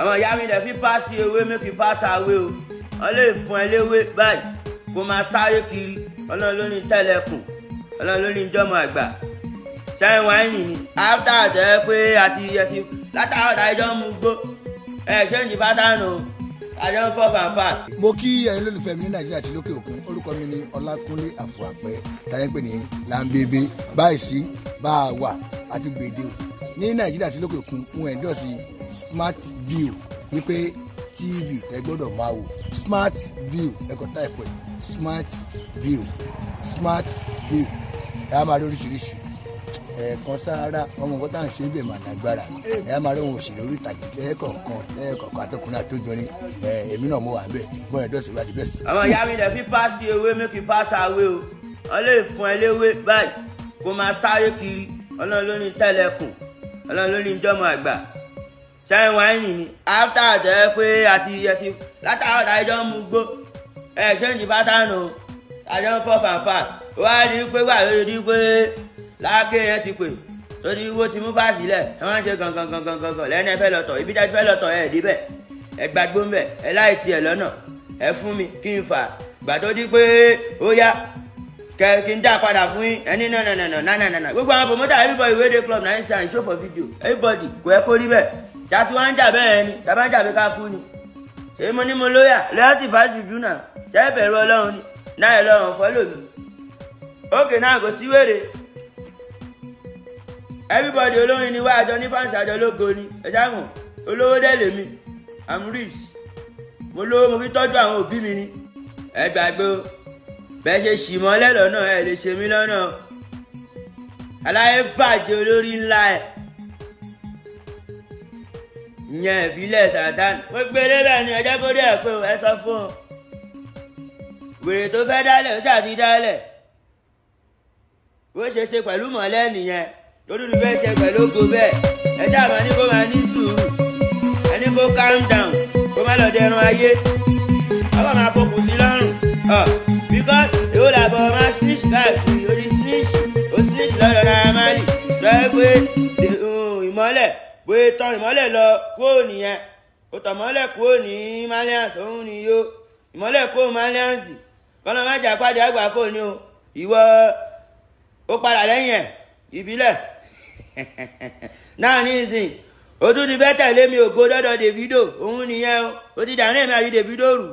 ọmọ ìyá mi dẹ̀ fi páàsì ewé make you pass away o wọ́n lè fún ẹ léwé báyìí kó máa sáré kiri ọlọ́run ló ní tẹ́lẹ̀kùn ọlọ́run ló ní jọmọ àgbà sẹ́yìn wáìnì ni áfítà tẹ́ pé àti ẹtì látàwọn àdájọ́ mú gbó ẹ̀ ṣé ìjì bá dànù o àjọ ń fọ́ fàǹfà. mo kí ẹ̀yin lólùfẹ́ mi ní nàìjíríà àti lókè òkun orúkọ mi ni ọlákúnlé àfọ̀àpẹ́ táyẹ̀pẹ̀ ní làǹbẹ̀bẹ̀ báyìí sí bá a wà àti gbèdéo ní nàìjíríà sí lókè òkun mo endorse smart view wípé tv ẹ gbọ́dọ̀ máa wò smart view ẹ̀kọ́ táìpọ̀ ẹ̀ smart view smart view ẹ̀ á máa rí oríṣiríṣi ẹ̀ẹ̀kan sáárá ọmọ nǹkan tá à ń ṣe bẹ̀ mà lágbára ẹ̀ á máa rí ohun òṣèlú orí ìtàgé lẹ́ẹ̀kọ̀ọ̀kan lẹ́ẹ̀kọ̀ọ̀kan àtọkùnrin àtọjọrin èmi náà mo wà ń bẹ̀ gbọ́n ẹ̀dọ́ sí wájú bẹ́ẹ̀. ọmọ ìyá mi dẹ̀ fi ewé mẹ́kì páàsì àwé o wọ́n lè fún ẹ báyìí kó máa sáré kiri ọlọ́run ọlọ́run ló ní jọmọ àgbà ṣáà wáìnì ni áfítà àtẹ pé àti ẹtì látàwọn tá a jọ ń mu gbó ẹ ṣéǹjì pátánù tá a jọ ń pọ̀ fàǹfà wá rí i pé wàá rí i pé láàkè yẹn ti pè torí wo ti mú báàsì lẹ ẹ máa ń ṣe gangan gangan gangan lẹ́nu ẹ fẹ́ lọ́tọ̀ ibi dájú fẹ́ lọ́tọ̀ ẹ débẹ̀ ẹ gbàgbó ń bẹ̀ ẹ láì tiẹ̀ lọ́nà ẹ fún mi kí n fà gbàdó di pé ó yá kí n dá padà fún yín ẹni náà náà náà náà náà gbogbo àwọn promoter everybody wey dey club na instant show for video everybody kò ẹ kó rí bẹ́ẹ̀ jàtí wọ́n ń jà bẹ́ẹ̀ ni tàbá ń jà ká kú ni mo ní mo lóyà lọ́yàtì bá jùjú náà ṣé ìbẹ̀rù ọlọ́run ni náà ẹ mi ókè náà kò sí wèrè everybody olórin ni wá àjọ ní fáǹsì àjọ lógo ni ẹ olówó dẹ́ lèmi i'm rich mo lówó bẹ́ẹ̀ ṣe ṣì mọ́lẹ̀ lọ́nà ẹ̀ lè ṣe mí lọ́nà aláyé bàjẹ́ olórí ńlá ẹ̀ ìyẹn ìbílẹ̀ sàtán gbogbo elébẹ̀ ni ẹjẹ́ kó dé ẹ̀pẹ́ ẹ sọ fún un wèrè tó fẹ́ dálẹ̀ ó ṣàti dálẹ̀ bó ṣe ṣe pẹ̀lú mọ́lẹ̀ nìyẹn tó dúdú fẹ́ ṣe pẹ̀lú ogo bẹ́ẹ̀ ẹ ṣàmọ́ ní kó máa ní sùúrù ẹ kó calm down kó má lọ dẹrun ayé ọlọ́run àpòkù wee tán ìmọ́lẹ̀ lọ kúrò nìyẹn ó mọ́lẹ̀ kúrò ní malians òun ni yó ìmọ́lẹ̀ kúrò malians kọ́nà májà pàdé àgbà kò ní o ìwọ ó padà lẹ́yìn ẹ̀ ìbílẹ̀ náà ní ìsìn mi ògo dọ́dọ̀ Davido òun nìyẹn o ó ti Davido rù.